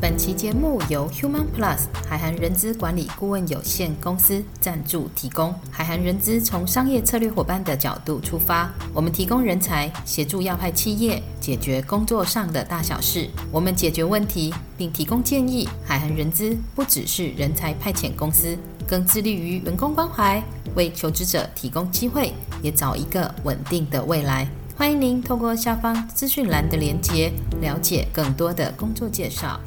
本期節目由 Human Plus 海涵人資管理顧問有限公司贊助提供。海涵人資從商業策略夥伴的角度出發，我們提供人才協助要派企業解決工作上的大小事。我們解決問題並提供建議。海涵人資不只是人才派遣公司，更致力於員工關懷，為求職者提供機會，也找一個穩定的未來。歡迎您透過下方資訊欄的連接，了解更多的工作介紹。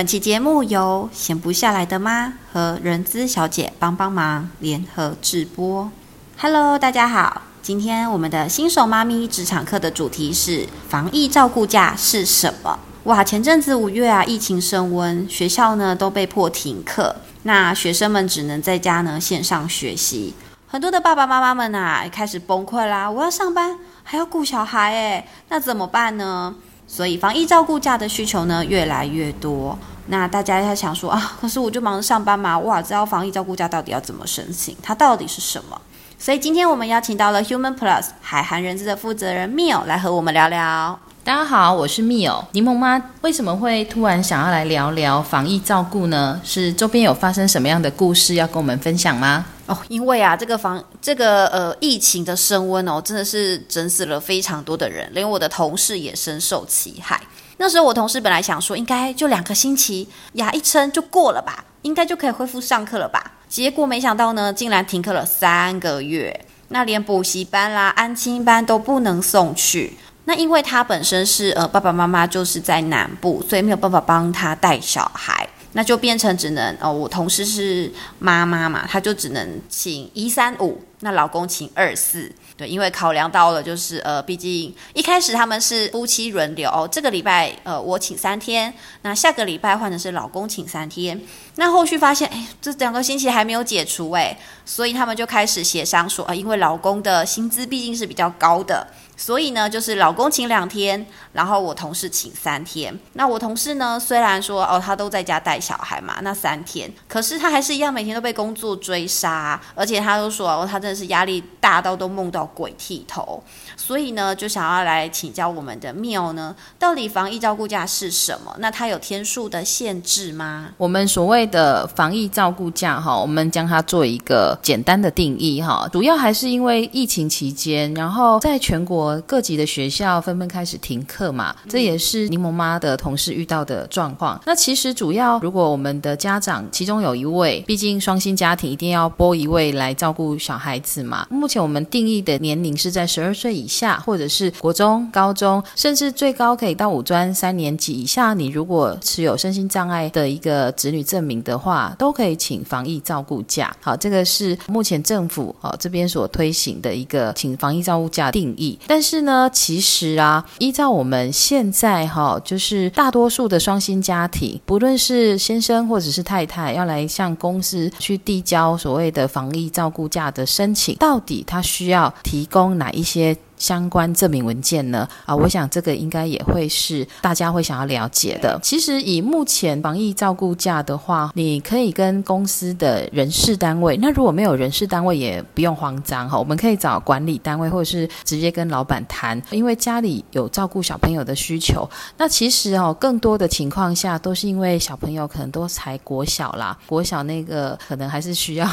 本期節目由閒不下來的媽和人資小姐幫幫忙聯合製播。Hello，大家好，今天我們的新手媽咪職場課的主題是防疫照顧假是什麼？哇，前陣子五月啊，疫情升溫，學校呢都被迫停課，那學生們只能在家呢線上學習，很多的爸爸媽媽們啊開始崩潰啦！我要上班，還要顧小孩，哎，那怎麼辦呢？所以防疫照顧假的需求呢越來越多，那大家要想說啊，可是我就忙着上班嘛，哇，知道防疫照顧假到底要怎麼申請？它到底是什麼？所以今天我們邀請到了 Human Plus 海涵人資的負責人 Mil 來和我們聊聊。大家好，我是 Mil 檸檬媽，為什麼會突然想要來聊聊防疫照顧呢？是周邊有發生什麼樣的故事要跟我們分享嗎？哦，因為啊，這個防這個呃疫情的升溫哦，真的是整死了非常多的人，連我的同事也深受其害。那時候我同事本來想說，應該就兩個星期呀，一撐就過了吧，應該就可以恢復上課了吧。結果沒想到呢，竟然停課了三個月，那連補習班啦、安親班都不能送去。那因為他本身是呃爸爸媽媽就是在南部，所以沒有辦法幫他帶小孩。那就變成只能哦，我同事是媽媽嘛，她就只能請一三五，那老公請二四，對，因為考量到了就是呃，畢竟一開始他們是夫妻輪流，哦，這個禮拜呃我請三天，那下個禮拜換成是老公請三天，那後續發現哎，這兩個星期還沒有解除哎，所以他們就開始協商說啊，呃，因為老公的薪資畢竟是比較高的。所以呢，就是老公請兩天，然後我同事請三天。那我同事呢，雖然說哦，他都在家帶小孩嘛，那三天，可是他還是一樣每天都被工作追殺，而且他都說哦，他真的是壓力大到都夢到鬼剃頭。所以呢，就想要來請教我們的妙呢，到底防疫照顧假是什麼？那它有天數的限制嗎？我們所謂的防疫照顧假哈，我們將它做一個簡單的定義哈，主要還是因為疫情期間，然後在全國，各級的學校紛紛開始停課嘛，這也是檸檬媽的同事遇到的狀況。那其實主要，如果我們的家長其中有一位，畢竟雙薪家庭一定要撥一位來照顧小孩子嘛。目前我們定義的年齡是在十二歲以下，或者是國中、高中，甚至最高可以到五專三年級以下。你如果持有身心障礙的一個子女證明的話，都可以請防疫照顧假。好，這個是目前政府哦這邊所推行的一個請防疫照顧假定義，但是呢，其實啊，依照我們現在哈、哦，就是大多數的雙薪家庭，不論是先生或者是太太，要來向公司去遞交所謂的防疫照顧假的申請，到底他需要提供哪一些？相關證明文件呢？啊、呃，我想這個應該也會是大家會想要了解的。其實以目前防疫照顧假的話，你可以跟公司的人事單位。那如果沒有人事單位，也不用慌張哈、哦，我們可以找管理單位，或者是直接跟老闆談。因為家裡有照顧小朋友的需求，那其實哦，更多的情況下都是因為小朋友可能都才國小啦，國小那個可能還是需要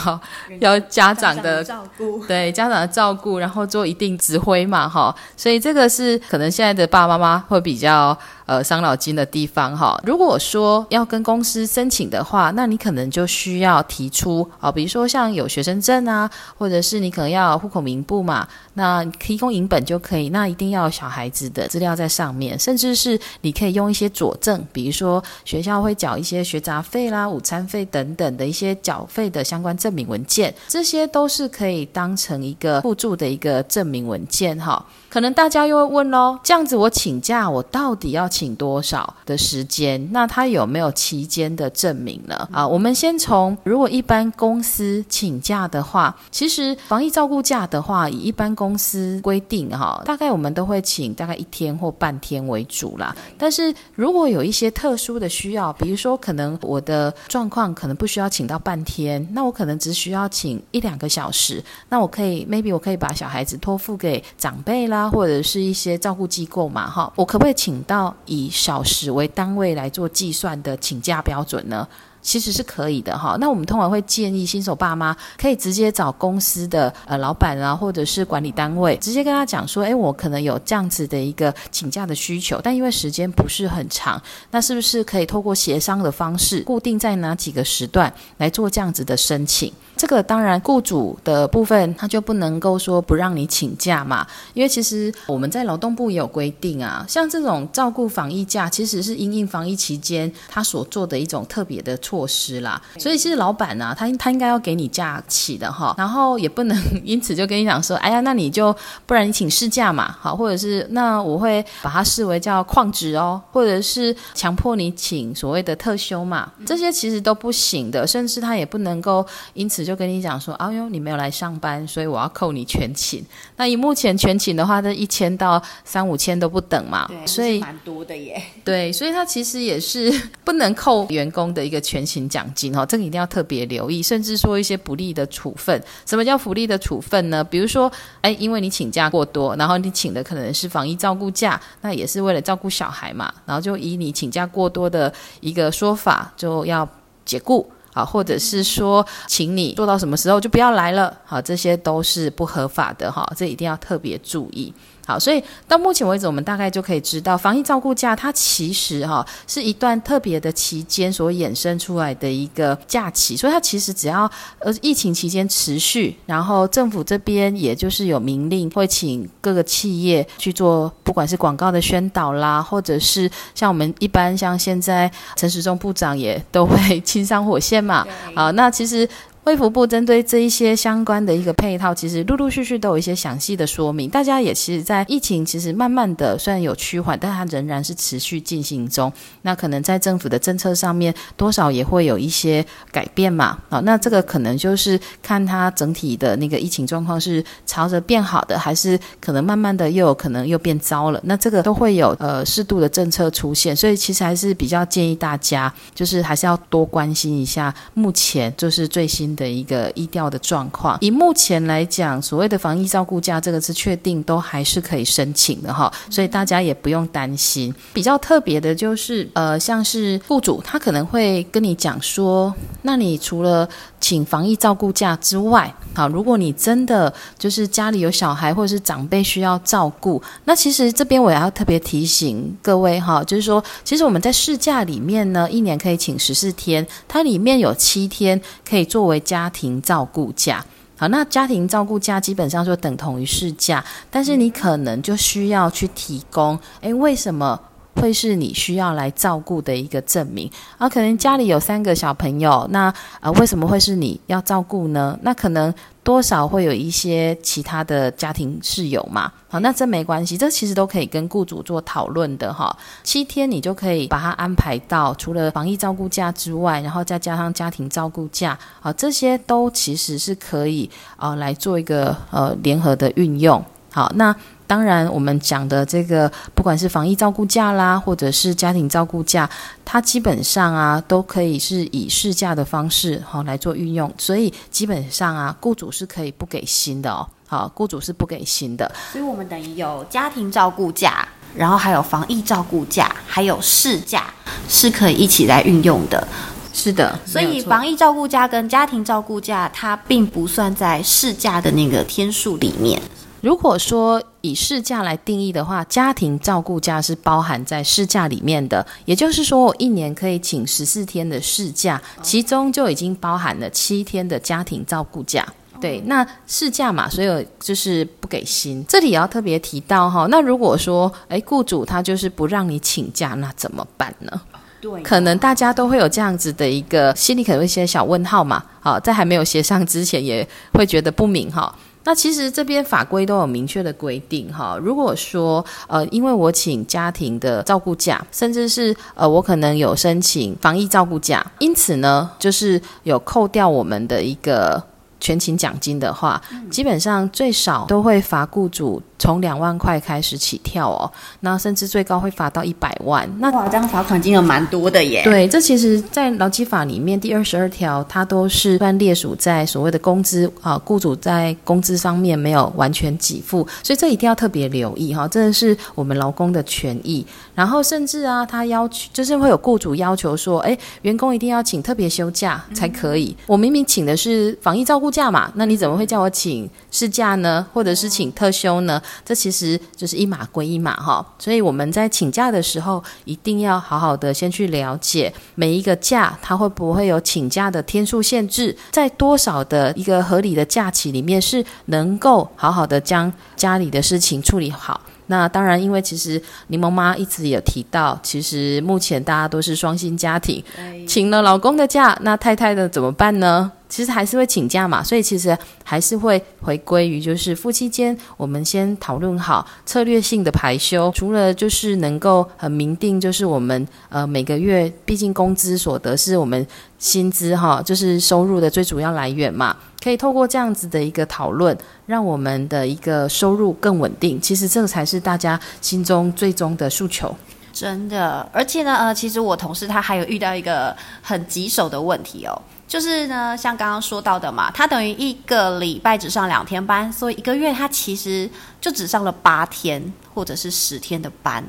要家長，家長的照顧，對家長的照顧，然後做一定指揮嘛。哈、哦，所以這個是可能現在的爸爸媽媽會比較呃傷腦筋的地方哈、哦。如果說要跟公司申請的話，那你可能就需要提出啊、哦，比如說像有學生證啊，或者是你可能要戶口名簿嘛，那提供影本就可以。那一定要有小孩子的資料在上面，甚至是你可以用一些佐證，比如說學校會繳一些學雜費啦、午餐費等等的一些繳費的相關證明文件，這些都是可以當成一個附註的一個證明文件哈。好。可能大家又會問嘍，這樣子我請假，我到底要請多少的時間？那他有沒有期間的證明呢？啊，我們先從，如果一般公司請假的話，其實防疫照顧假的話，以一般公司規定哈、哦，大概我們都會請大概一天或半天為主啦。但是如果有一些特殊的需要，比如說可能我的狀況可能不需要請到半天，那我可能只需要請一兩個小時，那我可以 maybe 我可以把小孩子托付給長輩啦。或者是一些照顧機構嘛，哈，我可不可以請到以小時為單位來做計算的請假標準呢？其實是可以的，哈。那我們通常會建議新手爸媽可以直接找公司的呃老闆啊，或者是管理單位，直接跟他講說，哎，我可能有這樣子的一個請假的需求，但因為時間不是很長，那是不是可以透過協商的方式，固定在哪幾個時段來做這樣子的申請？這個當然，僱主的部分他就不能夠說不讓你請假嘛，因為其實我們在勞動部也有規定啊，像這種照顧防疫假，其實是因應防疫期間他所做的一種特別的措施啦。所以其實老闆啊，他他應該要給你假期的哈，然後也不能因此就跟你講說，哎呀，那你就不然你請事假嘛，好，或者是那我會把它視為叫曠職哦，或者是強迫你請所謂的特休嘛，這些其實都不行的，甚至他也不能夠因此。就跟你講說，哎呦，你沒有來上班，所以我要扣你全勤。那以目前全勤的話，這一千到三五千都不等嘛。對，所以蠻多的耶。對，所以他其實也是不能扣員工的一個全勤獎金哦，這個一定要特別留意。甚至說一些不利的處分，什麼叫不利的處分呢？比如說，哎，因為你請假過多，然後你請的可能是防疫照顧假，那也是為了照顧小孩嘛，然後就以你請假過多的一個說法，就要解雇。啊，或者是說，請你做到什麼時候就不要來了，好，這些都是不合法的哈，這一定要特別注意。好，所以到目前為止，我們大概就可以知道，防疫照顧假，它其實哈、啊、是一段特別的期間所衍生出來的一個假期，所以它其實只要呃疫情期間持續，然後政府這邊也就是有明令會請各個企業去做，不管是廣告的宣導啦，或者是像我們一般像現在陳時中部長也都會親上火線嘛，啊，那其實。衛福部針對這一些相關的一個配套，其實陸陸續續都有一些詳細的說明。大家也其實在疫情，其實慢慢的雖然有趨緩，但它仍然是持續進行中。那可能在政府的政策上面，多少也會有一些改變嘛。好、哦，那這個可能就是看它整體的那個疫情狀況是朝着變好的，還是可能慢慢的又有可能又變糟了。那這個都會有呃適度的政策出現，所以其實還是比較建議大家，就是還是要多關心一下目前就是最新，的一個疫調的狀況，以目前來講，所謂的防疫照顧假這個是確定都還是可以申請的哈，所以大家也不用擔心。比較特別的就是，呃，像是雇主他可能會跟你講說，那你除了請防疫照顧假之外，好，如果你真的就是家裡有小孩或者是長輩需要照顧，那其實這邊我也要特別提醒各位哈，就是說，其實我們在事假裡面呢，一年可以請十四天，它裡面有七天可以作為家庭照顧假，好，那家庭照顧假基本上就等同於事假，但是你可能就需要去提供，誒，為什麼？會是你需要來照顧的一個證明啊，可能家裡有三個小朋友，那呃為什麼會是你要照顧呢？那可能多少會有一些其他的家庭室友嘛，好，那這沒關係，這其實都可以跟僱主做討論的哈、哦。七天你就可以把它安排到，除了防疫照顧假之外，然後再加上家庭照顧假，好，哦，這些都其實是可以啊、呃、來做一個呃聯合的運用。好，那當然，我們講的這個，不管是防疫照顧假啦，或者是家庭照顧假，它基本上啊，都可以是以事假的方式哈來做運用。所以基本上啊，雇主是可以不給薪的哦。好，雇主是不給薪的。所以我們等於有家庭照顧假，然後還有防疫照顧假，還有事假是可以一起來運用的。是的，所以防疫照顧假跟家庭照顧假，它並不算在事假的那個天數裡面。如果說以事假來定義的話，家庭照顧假是包含在事假裡面的，也就是說，我一年可以請十四天的事假、哦，其中就已經包含了七天的家庭照顧假、哦。對，那事假嘛，所以就是不給薪。這裡也要特別提到哈、哦，那如果說哎，雇主他就是不讓你請假，那怎麼辦呢？對、哦，可能大家都會有這樣子的一個心裡可能會寫小問號嘛。好、哦，在還沒有協商之前，也會覺得不明哈。哦那其實這邊法規都有明確的規定，哈。如果說，呃，因為我請家庭的照顧假，甚至是呃，我可能有申請防疫照顧假，因此呢，就是有扣掉我們的一個。全勤獎金的話，基本上最少都會罰雇主從兩萬塊開始起跳哦，那甚至最高會罰到一百萬，那哇，這樣罰款金額蠻多的耶。對，這其實，在勞基法裡面第二十二條，它都是算列屬在所謂的工資啊、呃，雇主在工資上面沒有完全給付，所以這一定要特別留意哈、哦，這是我們勞工的權益。然後甚至啊，他要求就是會有雇主要求說，哎、欸，員工一定要請特別休假才可以、嗯，我明明請的是防疫照顧。度假嘛，那你怎麼會叫我請事假呢？或者是請特休呢？這其實就是一碼歸一碼哈、哦。所以我們在請假的時候，一定要好好的先去了解每一個假，它會不會有請假的天數限制，在多少的一個合理的假期裡面是能夠好好的將家裡的事情處理好。那當然，因為其實檸檬媽一直有提到，其實目前大家都是雙薪家庭，請了老公的假，那太太的怎麼辦呢？其實還是會請假嘛，所以其實還是會回歸於就是夫妻間，我們先討論好策略性的排休。除了就是能夠很明定，就是我們呃每個月，畢竟工資所得是我們薪資哈，就是收入的最主要來源嘛。可以透過這樣子的一個討論，讓我們的一個收入更穩定。其實這才是大家心中最終的訴求。真的，而且呢，呃，其實我同事他還有遇到一個很棘手的問題哦。就是呢，像剛剛說到的嘛，他等於一個禮拜只上兩天班，所以一個月他其實就只上了八天或者是十天的班，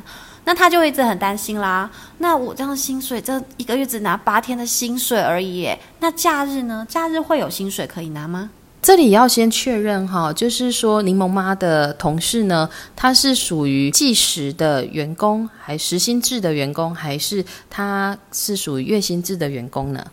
那他就一直很擔心啦。那我這樣薪水，這一個月只拿八天的薪水而已。那假日呢？假日會有薪水可以拿嗎？這裡要先確認哈，就是說檸檬媽的同事呢，他是屬於計時的員工，還是時薪制的員工，還是他是屬於月薪制的員工呢？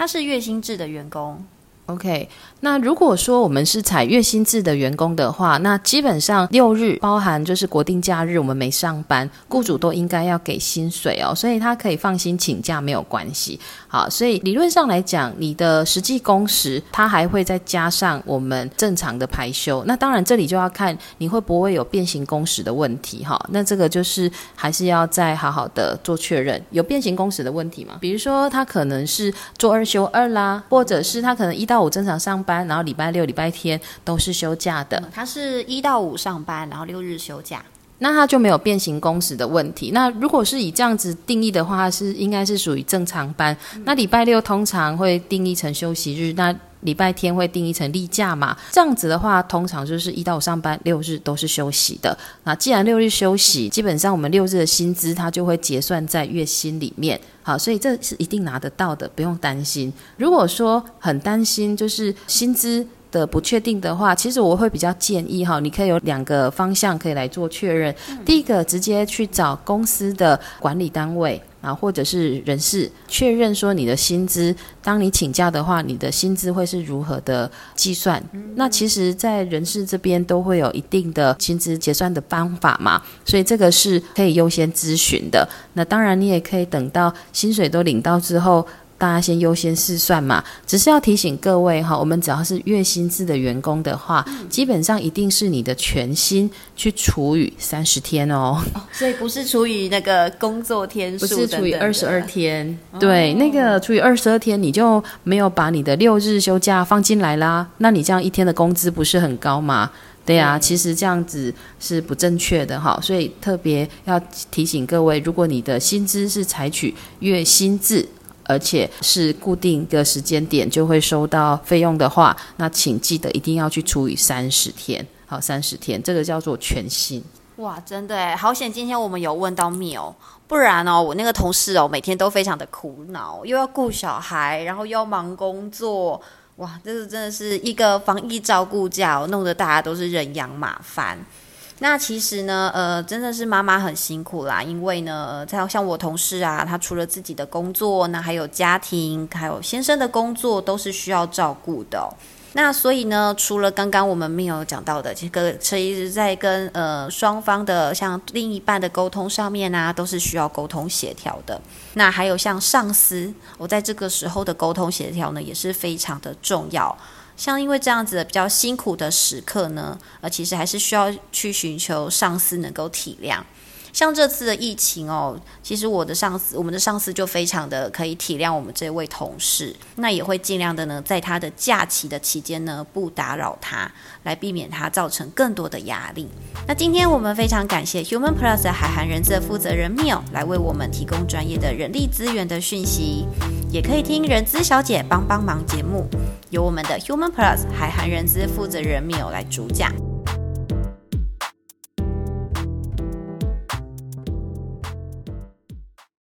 他是月薪制的員工，OK。那如果說我們是採月薪制的員工的話，那基本上六日包含就是國定假日，我們沒上班，雇主都應該要給薪水哦，所以他可以放心請假沒有關係。好，所以理論上來講，你的實際工時他還會再加上我們正常的排休。那當然這裡就要看你會不會有變形工時的問題哈、哦。那這個就是還是要再好好的做確認，有變形工時的問題嗎？比如說他可能是做二休二啦，或者是他可能一到五正常上班。班，然後禮拜六、禮拜天都是休假的，嗯。他是一到五上班，然後六日休假。那他就沒有變形工時的問題。那如果是以這樣子定義的話，是應該是屬於正常班，嗯。那禮拜六通常會定義成休息日。那禮拜天會定一層例假嘛？這樣子的話，通常就是一到五上班，六日都是休息的。那既然六日休息，基本上我們六日的薪資它就會結算在月薪裡面。好，所以這是一定拿得到的，不用擔心。如果說很擔心，就是薪資。的不確定的話，其實我會比較建議哈，你可以有兩個方向可以來做確認。嗯、第一個，直接去找公司的管理單位啊，或者是人事確認說你的薪資，當你請假的話，你的薪資會是如何的計算？嗯嗯。那其實，在人事這邊都會有一定的薪資結算的方法嘛，所以這個是可以優先諮詢的。那當然，你也可以等到薪水都領到之後。大家先優先試算嘛，只是要提醒各位哈，我們只要是月薪制的員工的話，嗯、基本上一定是你的全薪去除以三十天哦，哦。所以不是除以那個工作天數的。不是除以二十二天，哦，對，那個除以二十二天，你就沒有把你的六日休假放進來啦。那你這樣一天的工資不是很高嘛？對啊，嗯，其實這樣子是不正確的哈。所以特別要提醒各位，如果你的薪資是採取月薪制。而且是固定的時間點就會收到費用的話，那請記得一定要去除以三十天，好，三十天，這個叫做全新。哇，真的，好險！今天我們有問到妙，不然哦，我那個同事哦，每天都非常的苦惱，又要顧小孩，然後又要忙工作，哇，這是真的是一個防疫照顧假，哦，弄得大家都是人仰馬翻。那其實呢，呃，真的是媽媽很辛苦啦，因為呢，像像我同事啊，他除了自己的工作，那還有家庭，還有先生的工作都是需要照顧的，哦。那所以呢，除了剛剛我們沒有講到的，其實跟車一直在跟呃雙方的像另一半的溝通上面呢，啊，都是需要溝通協調的。那還有像上司，我在這個時候的溝通協調呢，也是非常的重要。像因為這樣子的比較辛苦的時刻呢，呃，其實還是需要去尋求上司能夠體諒。像這次的疫情哦，其實我的上司，我們的上司就非常的可以體諒我們這位同事，那也會盡量的呢，在他的假期的期間呢，不打擾他，來避免他造成更多的壓力。那今天我們非常感謝 Human Plus 的海涵人資的負責人 Mil 來為我們提供專業的人力資源的訊息，也可以聽人資小姐幫幫忙節目，由我們的 Human Plus 海涵人資負責人 Mil 來主講。